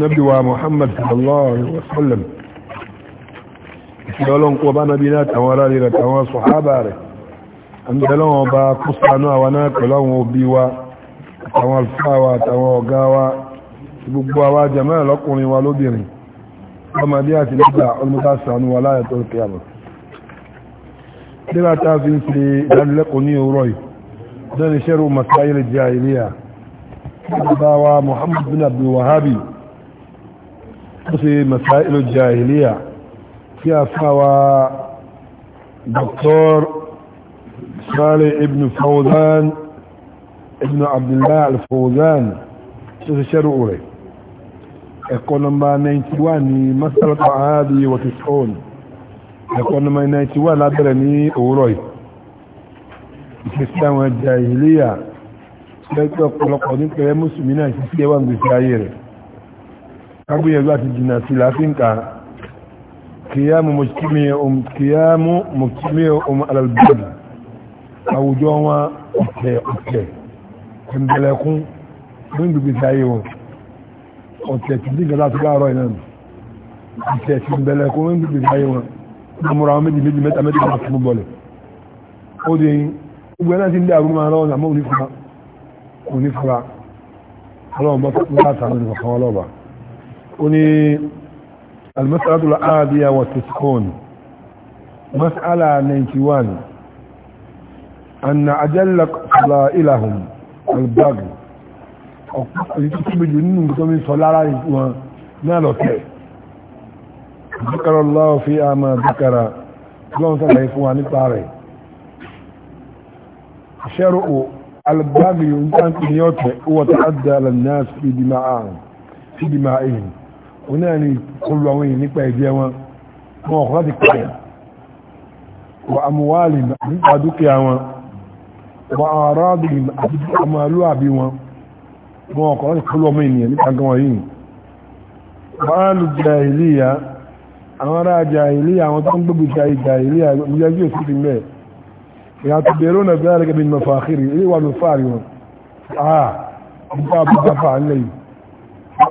nabi wa muhammad sallallahu alaihi wasallam ìfìdọ́lọ́n kó bá nabi náà tàwọn ará rẹ̀ tàwọn sọ̀hábà rẹ̀ àmìdọ́lọ́wọ́ bá kó sánú àwọn náà pẹ̀lọ́wọ́ bí wa àtàwọn alfáwa àtàwọn ọ̀gá wa gbogbo àwa jẹ́mọ́ lọ́kùnrin wa lóbìnrin ọmọdé àti nígbà olùmọ́ta sànú wa láyẹ̀tọ́ kìyàmọ̀ nígbà tá a fi ń fi ìdánilẹ́kọ̀ọ́ ní òwúrọ̀ yìí dánilẹ́ṣẹ́rù masáyìlì jahiliya bàbá muhammadu bin abdul wahabi قصي مسائل الجاهلية فيها فوى دكتور صالح ابن فوزان ابن عبد الله الفوزان قصي شرعوا لي يقول لما 91 مسألة عادي وتسعون يقول لما 91 لابرني أوروي الإسلام والجاهلية سيكون قلقوا ذلك يا مسلمين في سيوان بسيائره abu a agbóyẹ̀gbó àti jìnà sí láfíǹkà kìyàmù mọ̀kílẹ̀ ohun alalbẹ̀rẹ̀ àwùjọ wọn ọ̀tẹ̀ ọ̀tẹ̀ ẹ̀mbẹ̀lẹ̀kún ní gbogbo ayé wọn ọ̀tẹ̀ tí dígbà láti láàárọ̀ ìnáà ọ̀tẹ̀ tí ẹ̀mbẹ̀lẹ̀kún ní gbogbo ayé wọn ọmọra wọn méjì méjì mẹ́ta mẹ́ta mẹ́ta fún bọ́ọ̀lù ó di gbogbo ẹ̀nà tí ń dé àrùn máa lọ́wọ́ àmọ́ onífura ọlọ́run bọ́ oni almasalatul aadiya wa tiskun mas'ala 91 anna ajalla qalailahum albaghi ọ̀pọ̀lọpọ̀ nínú tó mi sọ lára wọn náà lọ́tẹ̀ zikarọ̀ lọ́wọ́ fi a máa zikara lọ́wọ́ sọ́lá yìí fún wa nípa rẹ̀ ṣẹ́rù albaghi ń tán kí ni ọ̀tẹ̀ wọ́n ta adda lannas fi dima'ihim òun náà ni kọlu àwọn èèyàn nípa ẹ̀jẹ̀ wọn wọn ọ̀kọ́ láti pààyà wọ amúwáàlì nípa dúkìá wọn wọ aráàbìnrin àti ọmọlúàbí wọn wọn ọ̀kọ́ láti kọlu ọmọ ènìyàn nípa gan wọn yìí báàlù jàìlíyà àwọn ará jàìlíyà àwọn tó ń gbógun jàìlíyà ìyájú èsì ti mẹ́ẹ̀ عليه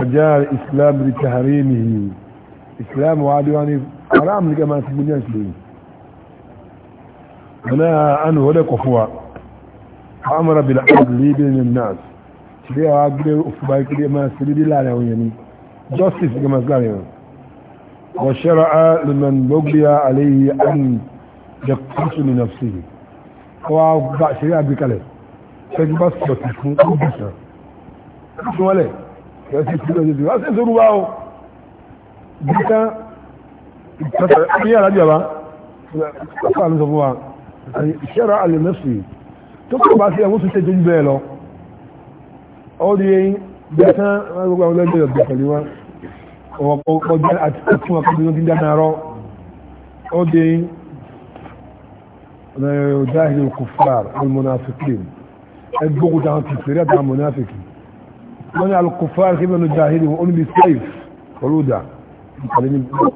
فجاء الإسلام لتحريمه إسلام وعدواني حرام لكما تبنيان سليم مناها أنه ولا كفوة أمر بالعدل بين الناس شريعة عدل أفبايك لما سليم لا لهويني جوستيس كما سليم وشرع لمن بغي عليه أن يقتص لنفسه هو شريعة بكالي فجبس يتفون أبسا شو عليه kẹsì tí lọ́jọ́ ìdìbò ṣe sọ́rọ̀ wá o gbígbá ìtàkì yàrá jọba ọ̀pọ̀ àmì sọ fún wa ìṣẹ́ra alẹ́ mẹ́sì tó kọ́ bá sí ẹ̀wọ́n tó ṣe jẹ́ bẹ́ẹ̀ lọ ó di eyín bẹ́ẹ̀ tán gbogbo àwọn ẹgbẹ́ ìjọba pẹ̀lú wa ọ̀pọ̀ jẹ́ àti fún wa kọ́bí lókè dáná rọ ó di eyín ọ̀dá ìlú kùfàr almunafikin ẹgbógun táwọn kìfèrè àtàwọn munafikin wọ́n ní alukufar kí mẹ́nu jahili wọ́n bí saif olúdà ìpàdé ní bọ́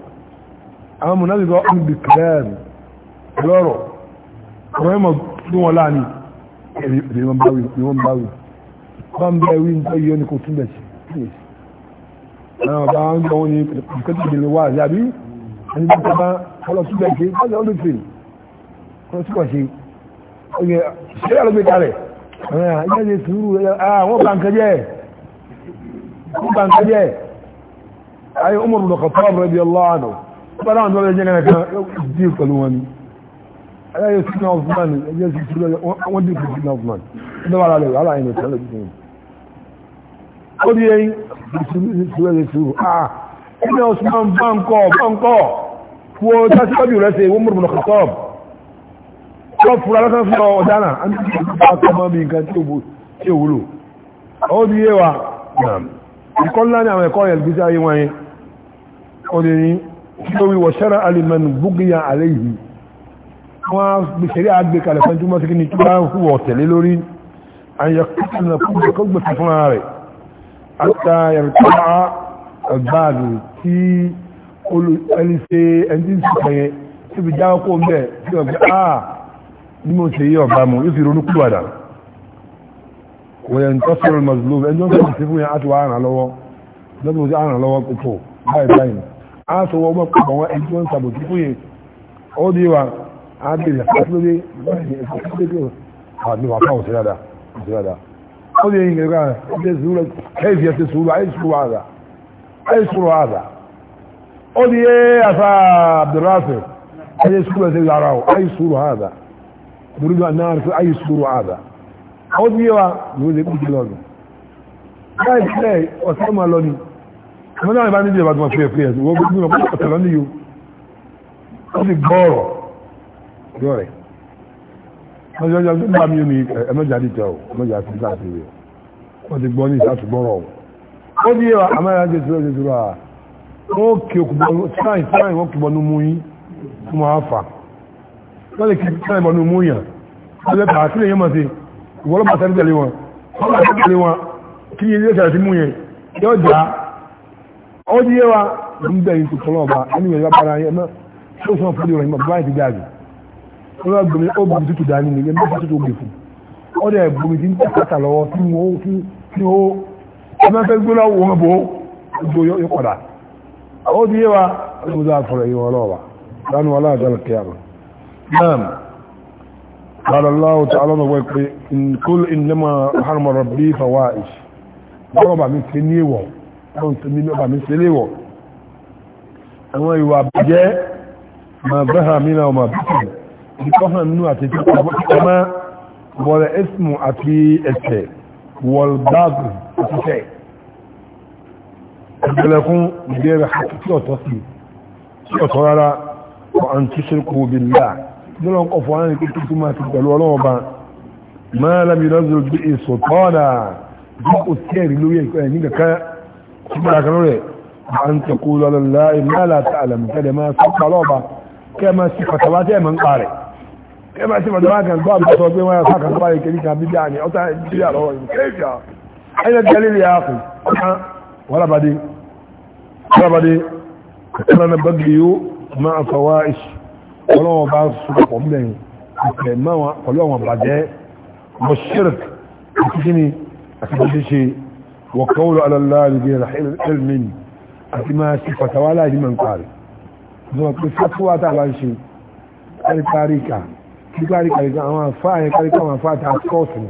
àwọn mọ̀nàbí bá wọ́n bí kẹrẹ́ẹ̀rì lọ́rọ̀ wọ́n mọ̀ tí wọ́n láàní èdè wọ́n báwí wọ́n báwí wọ́n bẹ́ wí ń tọ́yọ́ ní kò tún bẹ̀ sí àwọn ọba ń gbọ́ ní ìkẹ́tù ìdílé wà yàbí wọ́n lọ́dún wọ́n tún bọ̀ sí ṣé àlọ́gbẹ̀ta nígbà ń tẹ́jẹ́ ayé umar bin khattab radiyallahu anhu bá dáwọn dọ́rọ̀ jẹ́ gẹ́gẹ́ kan dí pẹ̀lú wọn ni ayé sinna osman ẹgbẹ́ sí sílẹ̀ wọ́n dí pẹ̀lú sinna osman ẹgbẹ́ wà lálẹ́ wà láyé nìkan lẹ́gbẹ́ sí ó di ẹyin sílẹ̀ lè sùúrù ah sinna osman báńkọ́ báńkọ́ wo tásíwájú rẹ̀ sí umar bin khattab wọ́n fura lọ́sán fún ọ̀dánà àti ìgbà tó bí nǹkan tí ó wúlò ó di náà ẹ̀kọ́ ńlá ní àwọn ẹ̀kọ́ yẹn gbígbé ayé wọn yẹn ọdún ní lórí wọ̀ṣẹ́ra alimẹ́nu búgíyà alẹ́ yìí wọ́n gbèsèrè àgbékalẹ̀ fún túnmọ́ sí kí ni tí wọ́n hù ọ̀tẹ̀lé lórí àyẹ̀kọ́tàlẹ̀ fún ìkọ́gbèsè fúnra rẹ̀ àtàyẹ̀rẹ̀tàlá ọgbàdù tí وينتصر المظلوم لأنه يكتفون عاتوا عانا لو لازم يزي عانا لو قطو هاي باين عاتوا وما قطوا انتوا انتبوا تكفون او ديوا عادي لحقلوا دي هاد نوع قوة سلالة سلالة او دي إنك قال سهولة كيف يتسهول اي سهول هذا اي سهول هذا او يا افا عبد الرافع اي سهولة سيد عراو اي سهول هذا نريد ان نعرف اي سهول هذا àwọn tí yíwa yóò lè kúrò lọ́nà báyìí sílẹ̀ ọ̀sẹ̀ máa lọ ni wọ́n náà bá ní ìjọba tó máa fi ẹ̀fẹ́ ẹ̀sùn wọ́n gbé wọn pọ̀ tẹ̀lọ́ níyó wọ́n sì gbọ́ọ̀rọ̀ yọ rẹ̀ wọ́n sì ọjọ́ tó bá mi ní ẹ̀mẹ́jà dìtẹ̀ ọ̀ ẹ̀mẹ́jà sí káàkiri wọ́n ti gbọ́ ní ìsàtúgbọ́rọ̀ ọ̀ ó ní ẹwà àmàrà jẹ́ tí ó jẹ́ tíra wọ́n kí okùnbọ̀nù tíráì tíráì wọ́n kìbọ̀nù mú yí fún wọn àfà wọ́n lè kí tíráì bọ̀nù mú yàn wọ́n lè pàá sílẹ̀ yọ́mọ̀ sí wọ́n bá sẹ́rí tẹ̀lé wọn wọ́n bá sẹ́rí tẹ̀lé wọn kí ni ilé ìṣẹ̀lẹ̀ ti mú yẹn yóò jà á ó di yé wa ń bẹ̀ yìí tuntun náà bá ẹni wẹ̀rẹ̀ bá para yẹn náà tó sọ fún ìròyìn bàbá yìí ti dáàbì ó lọ gbomi ó gbomi tútù dání ni yẹn bá tútù gbè fún ó dẹ̀ gbomi ti ń tẹ̀ kàtà lọ́wọ́ tí wo tí wo ọmọ fẹ́ gbóná wò wọn bò ó gbó yóò padà ó di dáa fọlọ́ قال الله تعالى ويقول إن كل إنما حرم ربي فوائش ọba mi ṣe ní ìwọ̀ ọ̀run tó ní ọba mi ṣe ní ìwọ̀ àwọn ìwà àbújẹ́ ma bẹ́hà mìíràn ọmọ àbúkù ìkọ́hàn nínú àti ìtàkùnmá wọ̀rẹ̀ ismu àti ẹ̀ṣẹ̀ wọ̀lbáàbù àtiṣẹ́ ìgbẹ̀lẹ̀kún ìgbẹ̀rẹ̀ àti tí ọ̀tọ̀ sí tí ọ̀tọ̀ rárá wọ́n dọ́lọ́ ọ̀fọ̀ wọn ni kí tó máa ti pẹ̀lú ọlọ́wọ́ bá máa lábí lọ́sọ̀rọ̀ bí èso tọ́ọ̀dà bí kò sí ẹ̀rí lórí ẹ̀kọ́ ẹ̀ nígbà ká tó bára kan rẹ̀ máa ń tẹ̀kú lọ́lọ́lá ìmáàlá ta àlàmù kẹ́lẹ̀ máa sọ pa lọ́ọ̀bà kẹ́ máa sì pàtàkì wá tẹ́ ẹ̀ máa ń pa rẹ̀ kẹ́ máa sì pàtàkì kan wọ́n yà sá náà bá gbé yóò máa fọwọ́ ìṣù ọlọ́wọ́ bá sọ́pọ̀ mẹ́rin ìpẹ̀ mẹ́wàá pẹ̀lú àwọn bàjẹ́ mọ̀ṣírk àti kíni àti ṣíṣe wọ̀kọ́wọ́lọ́ alálàárígbé ilmin àti máa ṣe fàtàwà láì mọ̀ nkàrí zọmọ pé fàtàwà tà bá ń ṣe káríkáríkà kí káríkáríkà àwọn afáàyè káríkà àwọn afáà tà kọ́ọ̀tù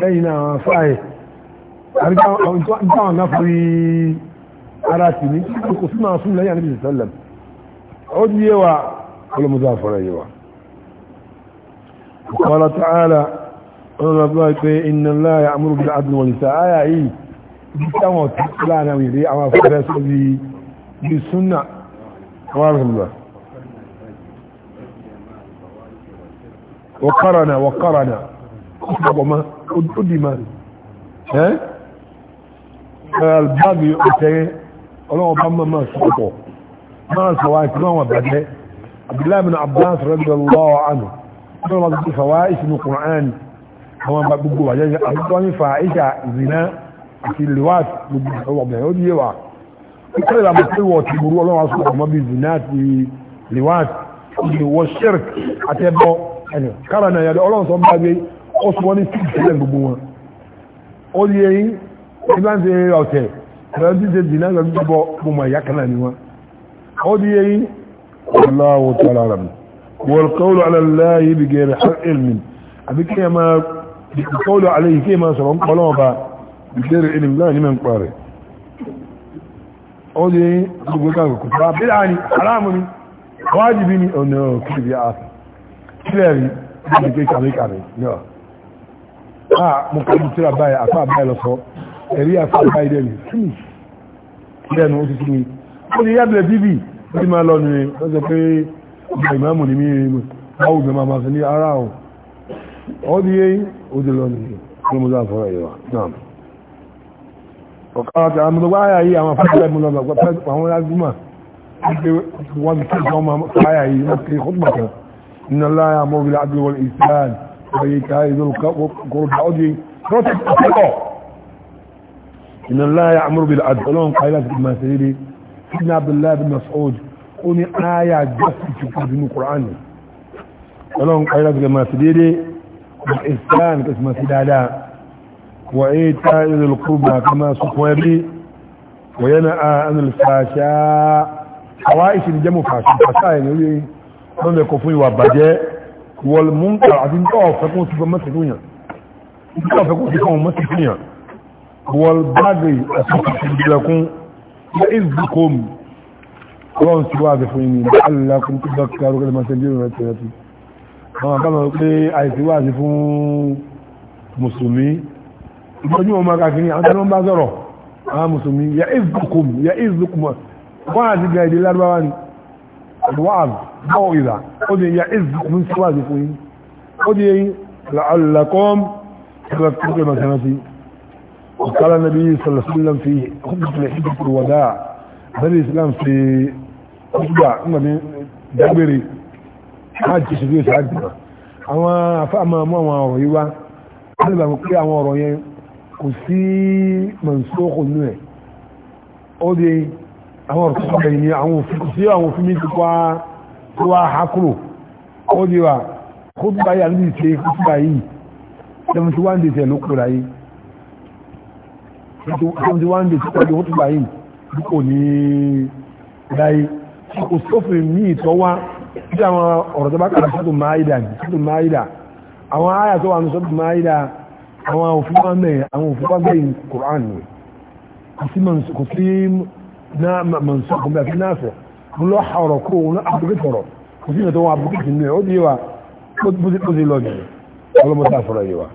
lẹ́yìn náà àwọn afáàyè káríkà àwọn náfúrí ara sì ní kò sí máa fún lẹ́yìn àníbi ìsọ́lẹ̀m ó di yé كل مضاف إليه وقال تعالى إن الله يأمر بالعدل والنساء آية إيه بيتاو تلانا ويري أما فرس بي بالسنة وارغ الله وقرن وقرن وما قدما ها الباب يؤتي ọlọ́wọ́ bá mọ́ máa sọ́pọ̀ máa sọ̀wá ìpínlẹ̀ wọn abdullahi bin abbas radiyallahu anhu wọ́n wá gbogbo fàwáìsì ní kùnrán àwọn ọba gbogbo wà jẹ́ àwọn ní fàáìsà zina àti lewat gbogbo ọ̀bẹ̀ ó díye wa ó kọ́ ìlànà pé wọ́n ti burú ọlọ́wọ́ sọ ọmọ bíi zina àti lewat ìwọ shirk àti ẹbọ ẹni kára náà yàrá ọlọ́wọ́ sọ ń bá gbé ó sọ wọ́n ní sí ìṣẹ̀lẹ̀ gbogbo wọn ó di eyín nígbà ń ṣe ọ̀tẹ̀ ẹ̀rọ ti ṣe zina lọ́dún bọ́ gbogbo ẹ̀yà kan náà ni wọn ó di eyín والله تعالى اعلم والقول على الله بغير علم ابيك كما القول عليه كما سلام قالوا بغير علم لا من قاري odi gbogbo kan ko ba bida ni haramu ni wajibi ni oh no kí bi a clearly ni ke kare kare no ah mo ko tira báyìí afa báyìí lọ so eri afa báyìí de ni finish then o ti ni o ni ya ble bibi ó ti máa lọ ní wọ́n sọ pé ọmọ ìmáàmù ní mí rí mọ̀ báwo ni màmá sọ ní ara ọ̀ ọ́ di yéyí ó ti lọ ní ọlọ́mọdé àfọ́rọ̀ ìwà náà ọ̀ká àti àwọn ọmọdé wáyà yìí àwọn afẹ́fẹ́ mú lọ́gbà pẹ́ àwọn lágbúmà pé wọ́n ti kí ọmọ wáyà yìí wọ́n ti kó gbà kan rí سيدنا عبد الله بن مسعود ó ní ááyà jọ́sì ti kú nínú kùránì ọlọ́run kọ́lá ti lè máa fi dédé ìsìláàmù kẹsì máa fi dáadáa wà é ta ilẹ̀ lùkúrùbà ká máa sọ̀kọ́ ẹbí wà yẹn náà ánìlù fàṣà àwa ìṣẹ̀lẹ̀ jẹ́mu fàṣà fàṣà ẹ̀ lórí wọ́n lè kọ́ wọ́n ti wá àbẹ̀ fún yìí ní alákùn tó dọ́kítà orúkọ lẹ́mọ́ sẹ́bí òun rẹ̀ tí àwọn àbámọ̀ pé àìsí wá sí fún mùsùlùmí ìtọ́jú wọn máa kàkiri àwọn tẹ́lọ́ bá sọ̀rọ̀ àwọn mùsùlùmí ya ìzùkùm ya ìzùkùm wọ́n àti gẹ̀ẹ́ di lárúbáwá ni wọ́n bọ́ ìlà ó di ya ìzùkùm sí wá sí fún yìí ó di alákùn tó dọ́kítà orúkọ lẹ́mọ́ sẹ́bí ọgbà ńgbàmí dágbére hajj ṣe bí ìṣáájú náà àwọn afáàmà mú àwọn ọ̀rọ̀ yìí wá alìbà mọ̀ pé àwọn ọ̀rọ̀ yẹn kò sí mọ̀nsókò nú ẹ̀ ó di àwọn ọ̀rọ̀ tó sọ̀rọ̀ yìí ni àwọn òfin kò sí àwọn òfin méjì wá tó wá ha kúrò ó di wa kó tó báyìí àlùbí ṣe kó tó báyìí seventy one days ẹ̀ ló kúrò seventy one days ó kọjú kó tó kò ní láyé kò sófin míì tó wá bí àwọn ọ̀rọ̀ tó bá kàrà sọ́tò máìdà ní sọ́tò máìdà àwọn àyà tó wà ní sọ́tò máìdà àwọn òfin wọn mẹ́rin àwọn òfin wọn mẹ́rin Qur'an ni kò sí náà mọ̀nsọ́ kò mẹ́fì náà fẹ́ mo lọ ha ọ̀rọ̀ kó wọn abúkẹ́ tọ̀rọ̀ kò sí ìyàtọ̀ wọn abúkẹ́ tì nílẹ̀ ó di wa bó ti lọ nìyẹn ọlọ́mọta fọ̀rọ̀ yìí wa.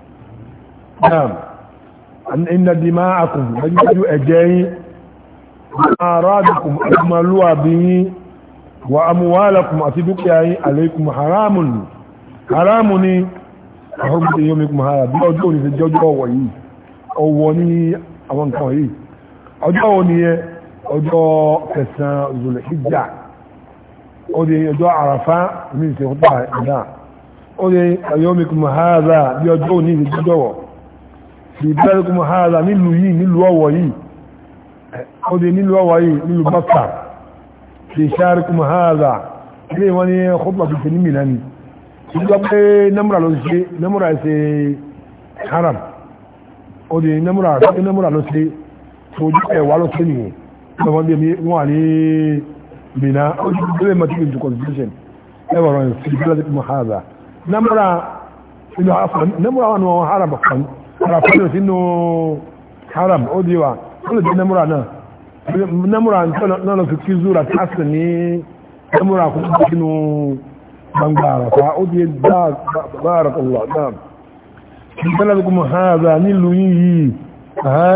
inna dima'akum dájúdájú ẹ̀jẹ̀ yín máa rádùkùn ẹ̀kùnmọ́lúwàbí yín wa amuwalakum àti dúkìá yín alaykum haramun ni haramun ni ahurmati yomikum hara bí ọjọ́ òní ti jọjọ́ ọwọ̀ yìí ọwọ̀ ní àwọn nǹkan yìí ọjọ́ òní yẹ ọjọ́ kẹsàn zulhijja ó di ọjọ́ àràfá mi ti hùtà ìdá ó di yomikum hara bí ọjọ́ òní ti jọjọ́ wọ̀ fi bẹ́ẹ̀kùn hara nílùú yìí nílùú ọwọ̀ yìí ó di nílùú ọwọ̀ yìí nílùú bọ́kà fi ṣáàrùkú mahaza ilé wọn ni ọkọ̀pàá fi tẹ̀lé mìíràn ni ṣígbà pé namura ló ṣe namura ṣe haram ó di namura ṣe namura ló ṣe tó jù ẹ̀ wá ló ṣe nìyẹn lọ́wọ́ bí wọ́n wà ní mìíràn ó ti fi tẹ̀lé matric into constitution ẹwọ̀rọ̀ fi tẹ̀lé mahaza namura inú afọ namura wà haram kan ara fọlọ́ sínú haram ó di wa namura náà namura nana fi kí zura ta sì ní namura kò tó kínú bangbara fa ó di dáàbára kọlọ náà ìtàlá bí kuma haza nílùú yìí ha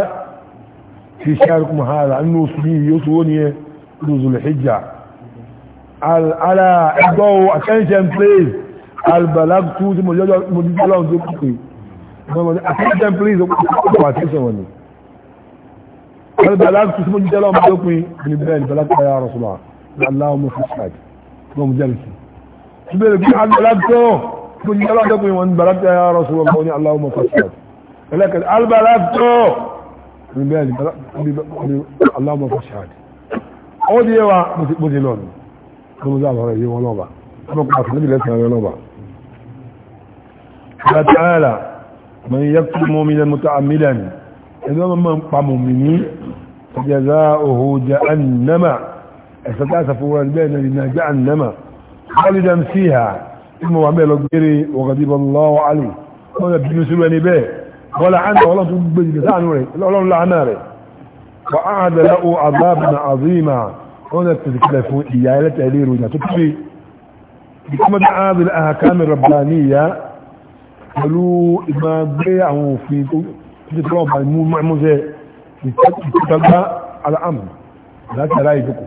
fi ṣáàrí kuma haza nínú oṣù yìí yóò sọ ní ẹ lóòzùn hijja ala ẹgbọ́ attention please albalagtu tí mo jọjọ mo jíjọ lọ́wọ́ tó kùkù attention please ó kùkù àti sọ̀rọ̀ ni هل بلغت اسم الجلال مدوكي من البال بلغت يا رسول الله اللهم في السعد اللهم جلسي سبيل بي عن بلغته اسم الجلال مدوكي من بلغت يا رسول الله اللهم في السعد لكن هل بلغته من البال اللهم في السعد أودي يوا بوزيلون كمزال هرأي يوا لوبا أبقى أخذ نبي لسنا لوبا قال تعالى من يكتب مؤمنا متعمدا إذا ما من قام مؤمنين جزاؤه جهنم استدعت فورا بين لنا جهنم خالدا فيها ثم وعمل الجري وغضب الله عليه ولا بنسلوان به ولا عنه ولا تبجل سعنوري ولا لا عناري وأعد له عذابا عظيما هنا تتكلف إيالة ألير وإنها تكفي بكما هذه الأحكام الربانية قالوا إما بيعه في تتربع المعمزة ìtàgbà aláàmù láti aláìjókò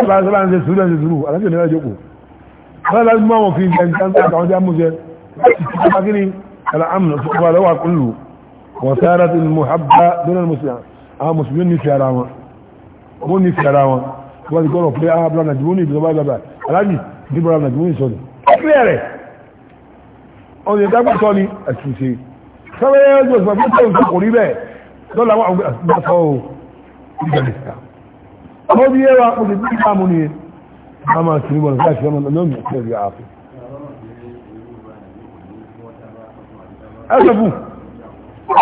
ọlọ́sọ́lá ń ṣe sùúrù ń ṣe sùúrù aláìjò nílá ìjókò aláìjò máa wọ̀n fi gbẹ̀ǹkan àtàwọn jẹ́ múṣẹ́ ìtàgbà kí ni aláàmù lọ́wọ́ lọ́wọ́ kúlù wọ̀sára ti muhabba dónà musulmi nífẹ̀ẹ́ ara wọn wọ́n nífẹ̀ẹ́ ara wọn wọ́n ti gbọ́rọ̀ pé abúlá nàìjíríà ní ìjọba bàbá aláàjì ìdíbọ̀rọ̀ nàìjíríà sọ́ni ọ̀pẹ́ rẹ̀ ọ̀nà ìdágbàsọ́ni àtúnṣe sáwẹ́ ẹgbẹ̀sọ̀ fún tó ń sọ kò rí bẹ́ẹ̀ dọ́là wà ọgbẹ́ àtúgbàtọ́ ò ìgbàlẹ̀sà ó bí ẹwà ọdún bí i máa mú ní a máa tìrí wọn láti ọmọ lọ́nà ìṣẹ́rí ààfẹ́ ẹ̀sọ̀fún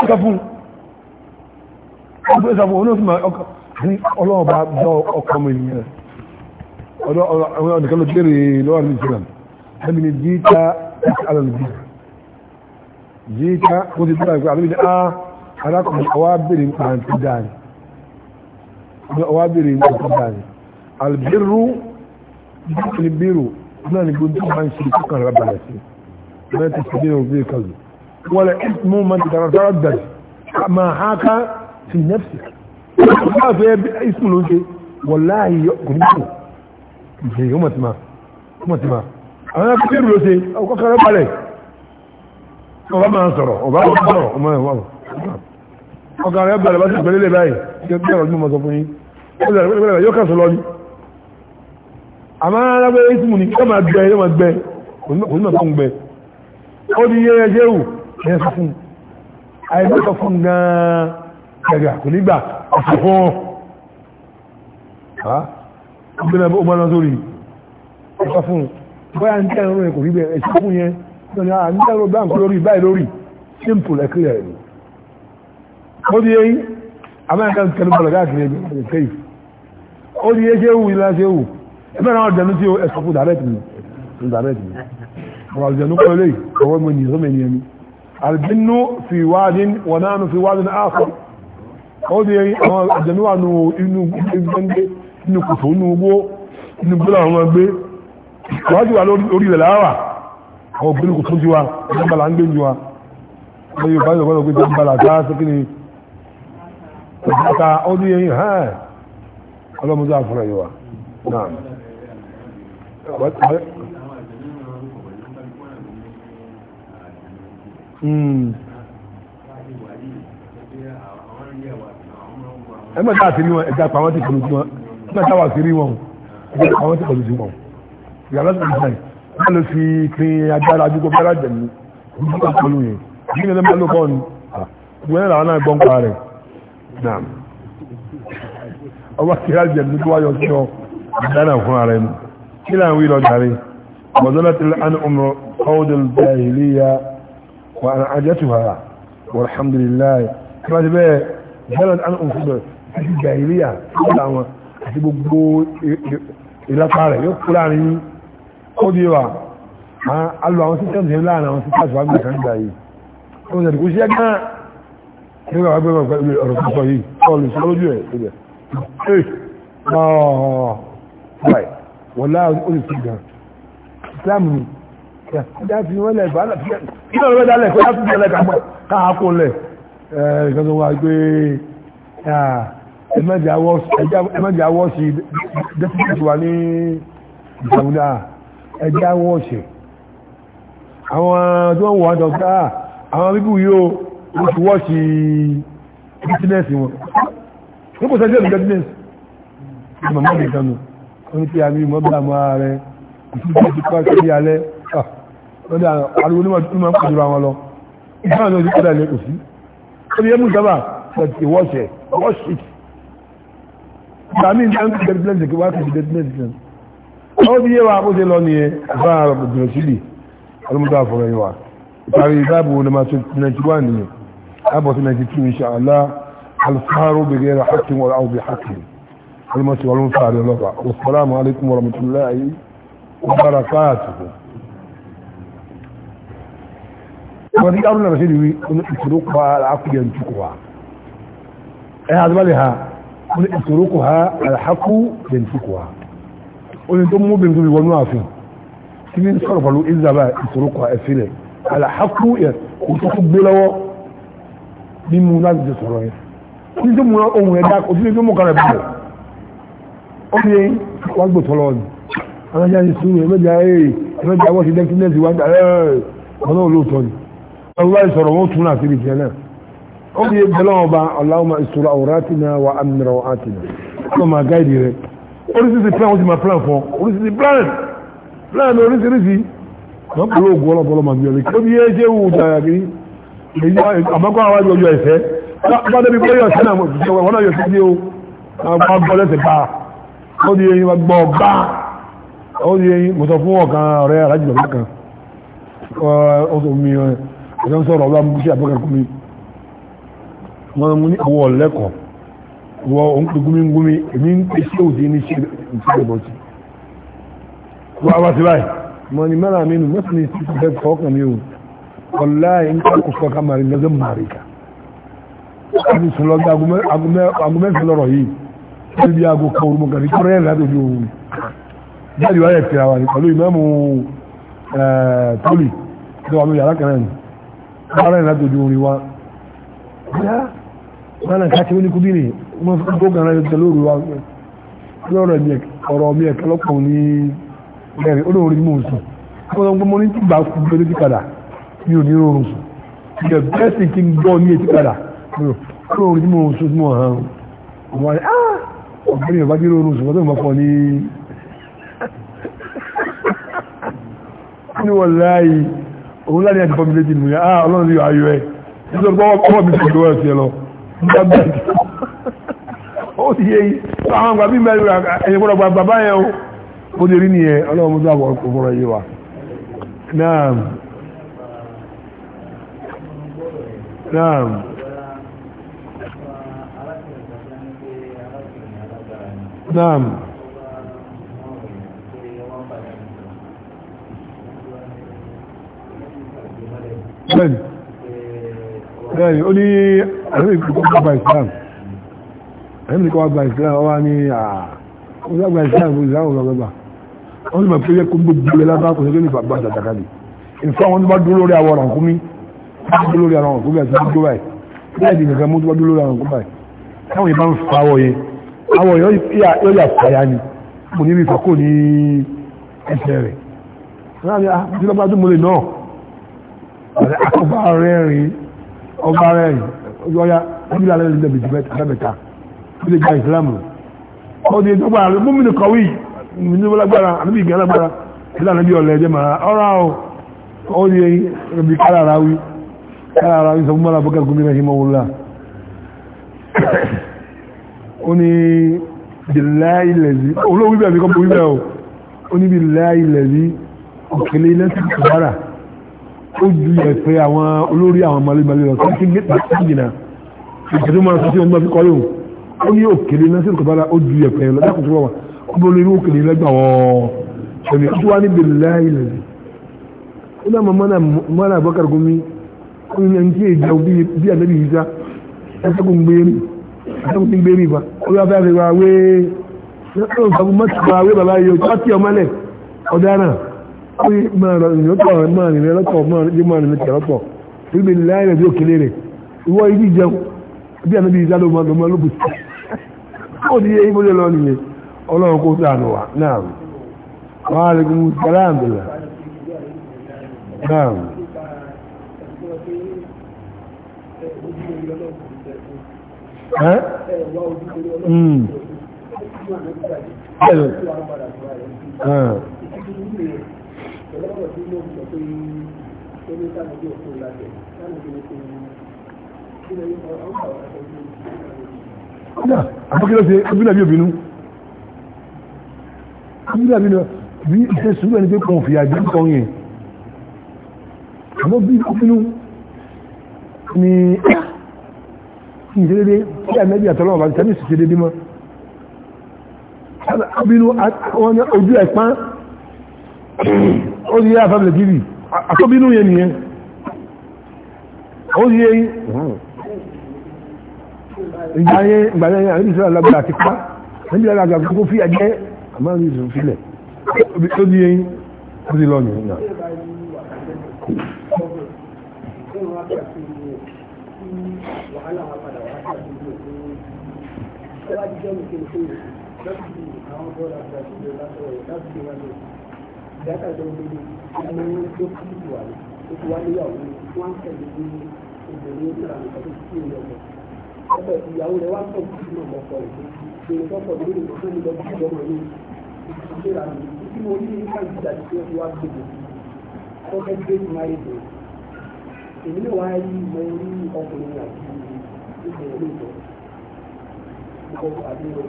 ẹ̀sọ̀fún ọdún ẹ̀sọ̀fún olóòfin ọlọ́ọ̀bá dọ́ ọkọ̀ mọ̀ ìyẹn ọdún ọ̀nìkan ló kéré lọ́wọ́ a arákùnrin ọwábìnrin pàǹtí dáàrí ọwábìnrin pàǹtí dáàrí albirru albiru náà ni gbogbo tó máa ń ṣe kíkàn rábàlẹ̀ sí náà ti ṣe nínú bí kàlù wọ́n mú ma ti tara tara dàrí ma ha ká fi nẹ́fì wọ́n fẹ́ ismu ló ń ṣe wọ́n láàyè kò ní kò ìṣe yóò mọ̀ tí ma mọ̀ tí ma àwọn akẹ́kọ̀ọ́ ló ṣe ọkọ̀ kan rábàlẹ̀ ọba máa sọ̀rọ̀ ọba máa sọ̀rọ̀ ọmọ ẹ̀ wọ́n ọkàn rẹ̀ bẹ̀rẹ̀ bá ti pẹ̀lú ilé báyìí tí ó fún yín ó bẹ̀rẹ̀ bẹ̀rẹ̀ yóò kàn sọ lọ ní àmọ́ alágbé ìsìmù ní kí máa gbẹ kò ní mọ̀ fún gbẹ ó di yé ẹjẹ́ wù ẹ̀yẹ fún àìmọ́ sọ fún gan-an gàgà kò ní gbà ọ̀sẹ̀ fún ọ̀gbẹ́nà ó gbọ́nà sórí ọ̀sẹ̀ fún bóyá ó di yéyí amẹ́ríkà kẹlu bọ̀lọ̀ káàkiri ẹgbẹ̀ kéyì ó di yéyí ṣéwù ilá ṣéwù ẹgbẹ́ náà ọ̀dẹ̀nu tí ó ẹ̀sọ́ fún dàrẹ́tì mi fún dàrẹ́tì mi ọ̀rọ̀ ọ̀dẹ̀nu kọ́ lé ọwọ́ mi nìyẹn sọ́mọ ènìyàn mi albinu fi wádìn wọn náà nu fi wádìn áàfọ́ ó di yéyí àwọn ọ̀dẹ̀nu wà nù inú gbẹ́ngbẹ́ inú kòtò inú gbó inú gbọ́dọ̀ àwọn gbé wájú wa lórí ilẹ̀ láwà àwọn ògbẹ́ni kòtò ju wa ìjọba òkúta ọdún yẹn hàn ọlọ́mọdé àfúnra yìí wa náà ẹgbẹ́ tá a ti rí wọn ẹja pa wọn ti kọlu sí wọn ẹgbẹ́ tá a ti rí wọn ẹja pa wọn ti kọlu sí wọn ìyàrá tó ń sàn wọn lè fi kiri agbára àdúgbò bẹ́ẹ̀ lájẹ̀ ní ìdílé kọlu yẹn ìdílé lẹ́mọ́ ló kọ́ ni wọ́n yẹn làwọn náà gbọ́n pa rẹ̀ náà ọba kí á jẹ ní wáyọ sí ọ dáná fún ara ẹnu kí là ń wí lọ jàre bọ̀dọ́lá ti lọ́n ọmọ ọdún jahiliya wà á ajẹ́tù ha alhamdulillah kí wọ́n ti bẹ́ẹ̀ bọ́dọ́lá ti lọ́n ọmọ ọdún jahiliya kí wọ́n àti ó di wa sí ẹgbẹ́ nígbà wọ́n gbẹ́gbẹ́ pẹ̀lú ọ̀rọ̀ púpọ̀ yìí ọlù ìṣọ́lójú ẹ̀ ẹgbẹ̀ ẹ̀ ọ̀ọ̀ wọ́n láàrín ó lè fi gan islamu ni ìdá fi wọ́n lẹ̀ fàálà fi ìdá lọ́wọ́ dálẹ̀ pé láti jẹ́ lẹ́ka mọ́ káàkó lẹ̀ ìgbẹ́gbẹ́ wa gbé ẹmẹ́jì awọ́sì dẹ́fíkìtì wa ní ìjàmúdá ẹjẹ́ awọ́sì àwọn tí wọ́n wọ́n àwọn bíbù yóò wọ́n ti wọ́ọ̀ṣì bísínẹ́sì wọn ní kò sẹ́jọ́ ìgbẹ́ bísínẹ́sì ní màmá mi kanu wọ́n ní kí a mi mọ́ bí àmọ́ ààrẹ kò sí bí kọ́ sí bí alẹ́ wọ́n dà ariwo ní ma ń kọ́ jùlọ àwọn lọ ìgbà náà ti kọ́dà ilé kò sí ó ní ẹ̀mú sábà ti wọ́ọ̀ṣẹ̀ wọ́ọ̀ṣì ìgbàmí ìgbà ń kọ́ jẹ́ bísínẹ́sì kí wọ́n á kọ́ jẹ́ bísínẹ́sì ó bí yé wa kó ṣe lọ nìyẹn àbá àrùn jùlọ sílì ọlọ́mọdé àfọ̀rọ̀ yìí wa ìparí ìdáàbò ní ma ṣe 91 nìyẹn أبوث نجدتم إن شاء الله الصهر بغير حق والعوض بحق المسي والمصار للغة والسلام عليكم ورحمة الله وبركاته وذي أرونا بسيدي كن إسروقها العق ينتقها إيه هذا مالها كن إسروقها الحق ينتقها ونضموا بنضمي والنوافي كنين صرفلوا إذا بقى إسروقها أسيني الحق ينتقب بلوه mímú láti jẹ sọ̀rọ̀ yẹn kí tó mú ohun ẹ̀dá kò sílé tó mú kàrẹ̀ bọ̀ ó ní wọ́n gbò tọ́lọ́ ni alájá ti sún ẹ̀mẹ́jà ẹ̀ẹ́ ẹ̀mẹ́jà wọ́n ti dẹ́kítẹ́sì wájú ẹ̀ẹ́ ọ̀nà olóòtọ́ ni wọ́n bá sọ̀rọ̀ wọ́n tún láti rí tiẹ̀ náà ó ní bẹ́lẹ́ wọn bá aláwọ̀mà ìṣòro àwòrántìnà wà ámìnira wọn àtìnà ó máa gáìdì rẹ̀ oríṣiríṣi plan ó ti máa plan fún oríṣiríṣi plan plan oríṣiríṣi wọ́n pẹ̀lú ògùn ọlọ́pọ̀lọ́ màmí ọ̀lẹ́kí ó ní yẹ́ ṣé wù ú àmọ́kọ́ àwọn àjọ ọjọ́ ìfẹ́ bá débi pé yọ̀ sínú àwọn òṣìṣẹ́ wọn náà yọ̀ sí ní o àwọn gbọ́ lẹ́sẹ̀ bá ó di eyín gbọ́ bá ó di eyín mo sọ fún ọ̀kan ọ̀rẹ́ alájùlọ kan ó sọ mi ọ̀sán sọ̀rọ̀ ọba mú sí àbúkà kúmi wọn mú ní àwọn ọ̀lẹ́kọ̀ọ́ wọ òun pè gúmi gúmi èmi ń pè sí òsì ní ṣe ìṣẹ́lẹ̀ bọ̀ sí wọ́n á wá sí báyìí mọ̀ ní mẹ́rànmínú mẹ́sàn-án ní ìṣẹ́lẹ̀ fọ́ọ̀kan mi ò wallahi in ka kusa ka mari na zan mari ka abin sun lọ agumẹ́ fi lọ́rọ̀ yìí tí bí aago kan orúmọ kan nítorí ẹ̀rẹ́ láti ojú oòrùn jáde wáyé fi àwọn ní pẹ̀lú ìmẹ́mù tólì tó wà lórí alákẹ̀rẹ́ ni wọ́n láti ojú oòrùn wa yá wọ́n náà káàkiri ní kúbí ni wọ́n fi tó gan rẹ̀ lórí wa lọ́rọ̀ mi ọ̀rọ̀ mi ẹ̀kẹ́ lọ́kùnrin ní ẹ̀rẹ́ olóorin mò ń sùn wọ́n mi ò ní rọrùn sùn the best kí n gbọ́ ní etí padà rọrùn tí mo rọrùn sùn ọmọ fọ ní. Ah! ní wọ́n láàyè òun láàyè àti fọ́mi léjì nìyẹn ah ọlọ́run yóò ayọ̀ ẹ̀ nítorí naam naam bẹ́ẹ̀ni bẹ́ẹ̀ni ó ní àwọn ìpínlẹ̀ ọgbà islam ẹ̀mí kọ́ ọgbà islam ọwá ní àgbà islam ìzáwọn ọgbà wọ́n ni mọ̀ pé yẹ kó gbogbo ẹlábá kò ní kí ní fàgbà tàtàkàdì ìfọ́ wọn bá dúró lórí àwọn ọ̀ràn kúmí dúró lórí ara wọn kó bẹ̀rẹ̀ sí báyìí bẹ́ẹ̀ nìkan mú tó lórí ara wọn báyìí táwọn yìí ń fa awọ yẹn awọ yẹn yóò yà fàyà ni mo ní ibi ìfàkó ní ẹsẹ̀ rẹ̀ láàrin àti lọ́gbà tó mo náà àti akọba rẹ́rìn ọba rẹ́rìn ọjọ́ya ẹbí lálẹ́ ní ẹbí jùlọ ó lè gba ìsìlámù ó ní ẹjọ́ gbára mú mi ní kọ̀wé mi ní lágbára àbí kára ara ìsọ mọ́ra bọ́kà gómi rahimahullah ó ní billahi allazi olówó wíbẹ̀ àbíkọ́ bó wíbẹ̀ o ó ní billahi allazi òkèlè lẹ́sìn kàbára ó ju ẹ̀fẹ́ àwọn olórí àwọn malẹ́malẹ́ lọ sí kí gbẹ́ta jìnà ìjọba máa sọ sí ọmọ fi kọ́lé o ó ní òkèlè lẹ́sìn kàbára ó ju ẹ̀fẹ́ lọ dákùn tó wà ó bọ́ lórí òkèlè lẹ́gbà wọ́n ṣẹlẹ̀ ó tún wá ní billahi allazi ó náà mọ́ mọ́ra bọ́kà gómi ọ̀nà ní èjì ọ̀bí bí àdébì ìjá ẹgbẹ́gùn gbéèrè ẹgbẹ́gùn tí gbéèrè ìbá orí afẹ́ àfẹ́ wa wé lọ́rùn sọ fún mọ́tì wa wé bàbá yìí ó tí ọmọ lẹ̀ ọ̀daràn ó yí máa rọ ìrọ́tọ̀ máa rìn lọ́tọ̀ máa rìn máa rìn lọ́tọ̀ lọ́tọ̀ níbi láìrẹ̀ bí òkèlè rẹ̀ ìwọ ibi jẹun bí àdébì ìjá ló máa lọ́mọ lóbù ó ní ibo lè lọ nìyẹn ọlọ́run kó sànù wa náà wàhálà Hmm. àbúkílọ́ ṣe abúlé àbí obìnú abúlé lọ bí iṣẹ́ sùúrù ẹni pé kàn fìyà jẹ́ nǹkan yẹn àmọ́ obìnú ni ìṣẹ́dédé tí àmẹ́bí àtọ́lọ́wọ́ bá ti tẹ́lẹ̀ ìṣẹ́dédé mọ́ abínú wọn ojú ẹ̀pán ó yẹ àfábìlẹ̀ tv àtọ́bínú yẹn nìyẹn ó yẹ ìgbà yẹn ìgbà yẹn àríbí sọ́rọ̀ lágbàá ti pa níbi alága kókó fi àjẹ́ àmọ́ àríbí sọ́rọ̀ sílẹ̀ ó yẹ ó sì lọ nìyẹn náà wàhálà wá jíjọ́ mi kì í fún mi. lọ́sì àwọn bọ́ọ̀lù àti àṣìlẹ̀ lásọ̀rọ̀ yìí láti fi wọn lò. ìdáka tó ń gbé ọmọ wọn tó kú wà ní oṣù wa níyàwó wọn tẹ̀lé ní obìnrin náà nípa tó kú ní ọmọ. ọbẹ̀ ìyàwó rẹ̀ wá sọ̀ kú ní ọmọ ọkọ rẹ̀ pé tọkọ ní ìlú tó ní lọ́ọ́ bí mi tí mo ní nípa ìjà tí ó ti wá gbèdè ọkọ̀ gbé máa yẹ èmi náà wá rí mọ orí ọkùnrin àti ìgbìyànjú ìjọ ìkọ̀ àbí wọn.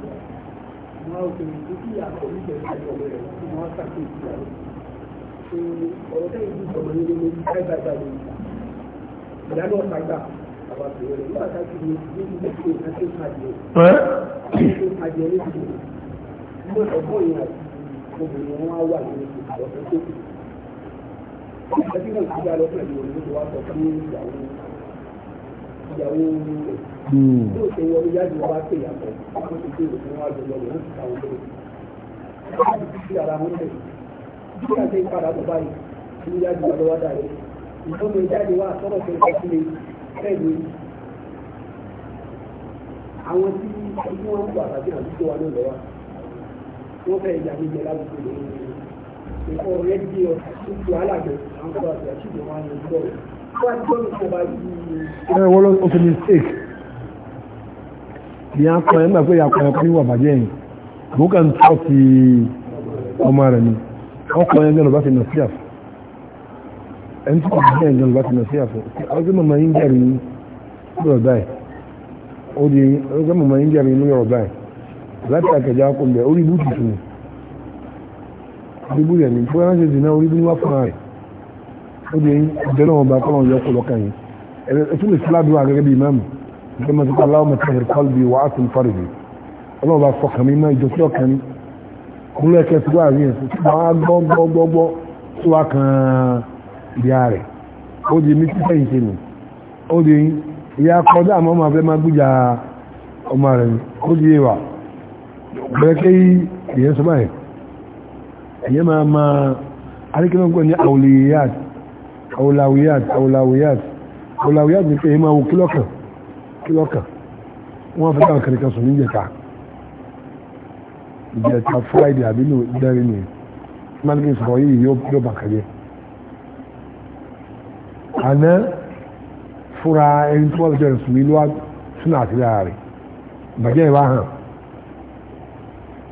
Wọ́n á tó kí àkọ́ níjẹ̀ ìṣẹ̀lẹ̀ ọ̀rẹ́ rẹ̀ tí wọ́n á sàkó ìṣẹ̀lẹ̀ rẹ̀. Ṣé ọ̀rọ̀ tẹ́yìn bí sọ̀rọ̀ ní lórí káìbáìbá ló ń ta? Ìyáná ọ̀sà gbà àbàtì rẹ̀ nígbà tá kí ni ní ilé ìṣe ìdájọ́ ìpàdé. Ìpàdé ní ti mú ọgbọ́n yẹn àti obìnrin wọn á wà ní àwọn tó ìyàwó yóò hmm. ṣe wọlé yájú wá pé ìyàtọ̀ láti fi dé òfin wá jọ lọ́wọ́ láti ta òun lórí. láti fi fi ara wọn lẹ̀ bí a ṣe ń padà bọ̀ báyìí ní yájú wá dà rẹ̀ ìtọ́mọ ìjáde wá sọ́dọ̀ tó ń sọ fún àwọn tí ojú wọn ń gbà tàbí àdúgbò wa ló lọ́wọ́ wọ́n fẹ́ ìjà jíjẹ láwùjọ lórí ẹ̀kọ́ rẹ̀ ẹ wọ́n lọ ọ̀tọ̀ mistake ní akọ̀ ẹgbà pé akọ̀ ẹ̀kọ́ ní wà bàjẹ́ yìí àmúkà ń tọ́ sí ọmọ rẹ̀ ni ọkọ̀ ẹgbẹ́ lọ bá ti nà sí àfẹ́ ẹni tó kọ̀ọ̀kọ̀ ẹgbẹ́ lọ bá ti nà sí àfẹ́ ọjọ́ mọ̀mọ́ yín jẹ́rìí ní ọ̀rọ̀ báyìí ó di ọjọ́ mọ̀mọ́ yín jẹ́rìí ní ọ̀rọ̀ báyìí láti àkẹjọ akọ̀ bẹ̀ orí bú tuntun orí bú yẹ̀ ó di ìdẹ́nà ọba kọ́nà yọ kọ́ lọ́kàn yìí ẹ̀fún lè sílá dúró àgẹ́gẹ́ bí ìmáàmù ìgbẹ́ mọ́ sípa aláwọ̀ mẹ́ta hẹ̀rẹ̀ kọ́lù bí wàá tún fọ́rẹ̀ bí ọlọ́run bá fọkàn mi máa ìjọ sí ọkàn mi kúnlẹ̀ kẹ́ sí wàá rí ẹ̀ sí wàá gbọ́gbọ́gbọ́ sí wàá kan ìdí ààrẹ̀ ó di mí tí sẹ́yìn ṣe nù ó di ìyá kọjá àmọ́ máa fẹ́ máa gbújà ọmọ rẹ̀ ó di ìwà gbẹ́kẹ́ ìyẹn sọ báyìí ẹ̀yẹ́ máa máa aríkẹ́ náà gbọ́ ní àwòlè yáàtì أولويات أولويات أولويات من فيهما هو كيلوكا كيلوكا وما في ذلك الكسر من جتا جتا فرايدي أبيلو داريني مالك إسرائيل يوب يوب أكادي أنا فرا إن تقول جرس ميلوات سنعت لاري بجاي باها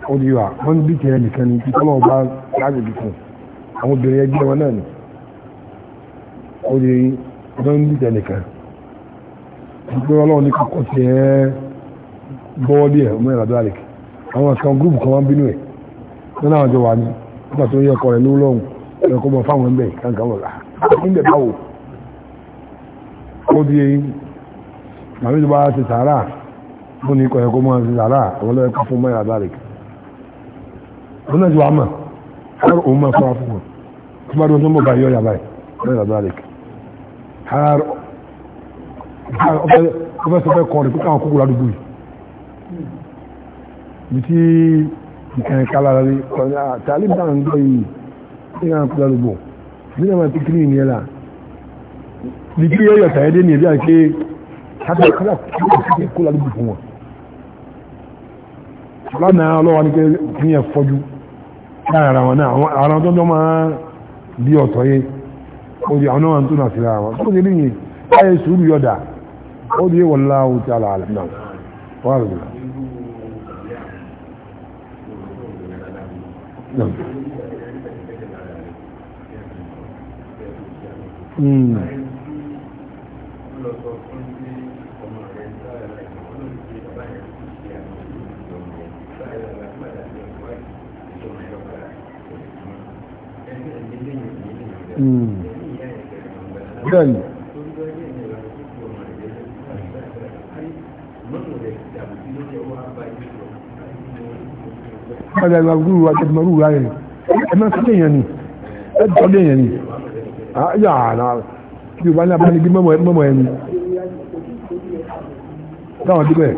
أوديوا من بيتي هني كان يتطلعوا بعض العجل بيكون أمود برياجي وناني ó dị lọ́n dìjà ndị ọlọ́run ní kọ́kọ́ ti ẹ́ bọ́ọ̀lì ẹ̀ ọmọ ìrìnàjò àlèkè àwọn kan gúrùpù kan wá ń bínú ẹ̀ ní láwọn jọ wà ní nígbà tó yẹ ọkọ rẹ̀ lówó lọ́hùn kó mọ fáwọn ẹgbẹ́ kankan ah, níbẹ̀ báwo ó di màmí tó bá ti sàárà ẹ̀ kó mọ ti sàárà fún ìrìnàjò àlèkè ọfẹ́ sọ fẹ́ kọ́ rẹ̀ pípa àkókò ládùúgbò yìí bí tí ìkẹ̀rẹ̀ kala rẹ̀ ọ̀nà tààlí bá ń gbọ́ yìí ní àkókò ládùúgbò ní àwọn pínpín ní ẹ̀là ní kí ẹ̀yọ̀ tàyẹ́dé ní ẹ̀bí àti sábẹ̀ kọ́lá kó ládùúgbò fún wọn lánàá ọlọ́wà ní kí ẹ̀ fọ́jú láàárín ojú àwọn náà tó náà sí ara wọn tó ní níyìn láyé sùúrù yọ̀dà ó di wallahu Mm nìkan ni ọ̀dà ìwà gúrù àtẹ̀mọ̀rú rẹ̀ ẹ̀mọ́ sí èèyàn ni ẹ̀tọ́ lè èèyàn ni àyà àrà tí ó bá ní abánigbé mọ́mọ̀ ẹni táwọn dípẹ̀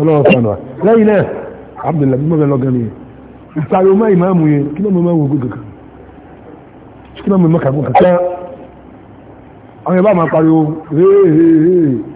ọlọ́run fànà lẹ́yìn náà abdullahi mọ́mọ̀ lọ́gán ni ìtàrí ọmọ ìmáàmù yẹn kí lọ́mọ máa wọ́n gbogbo kankan tí wọ́n mú mọ́kàgùn kankan àwọn ẹ̀bá máa pariwo hee hee hee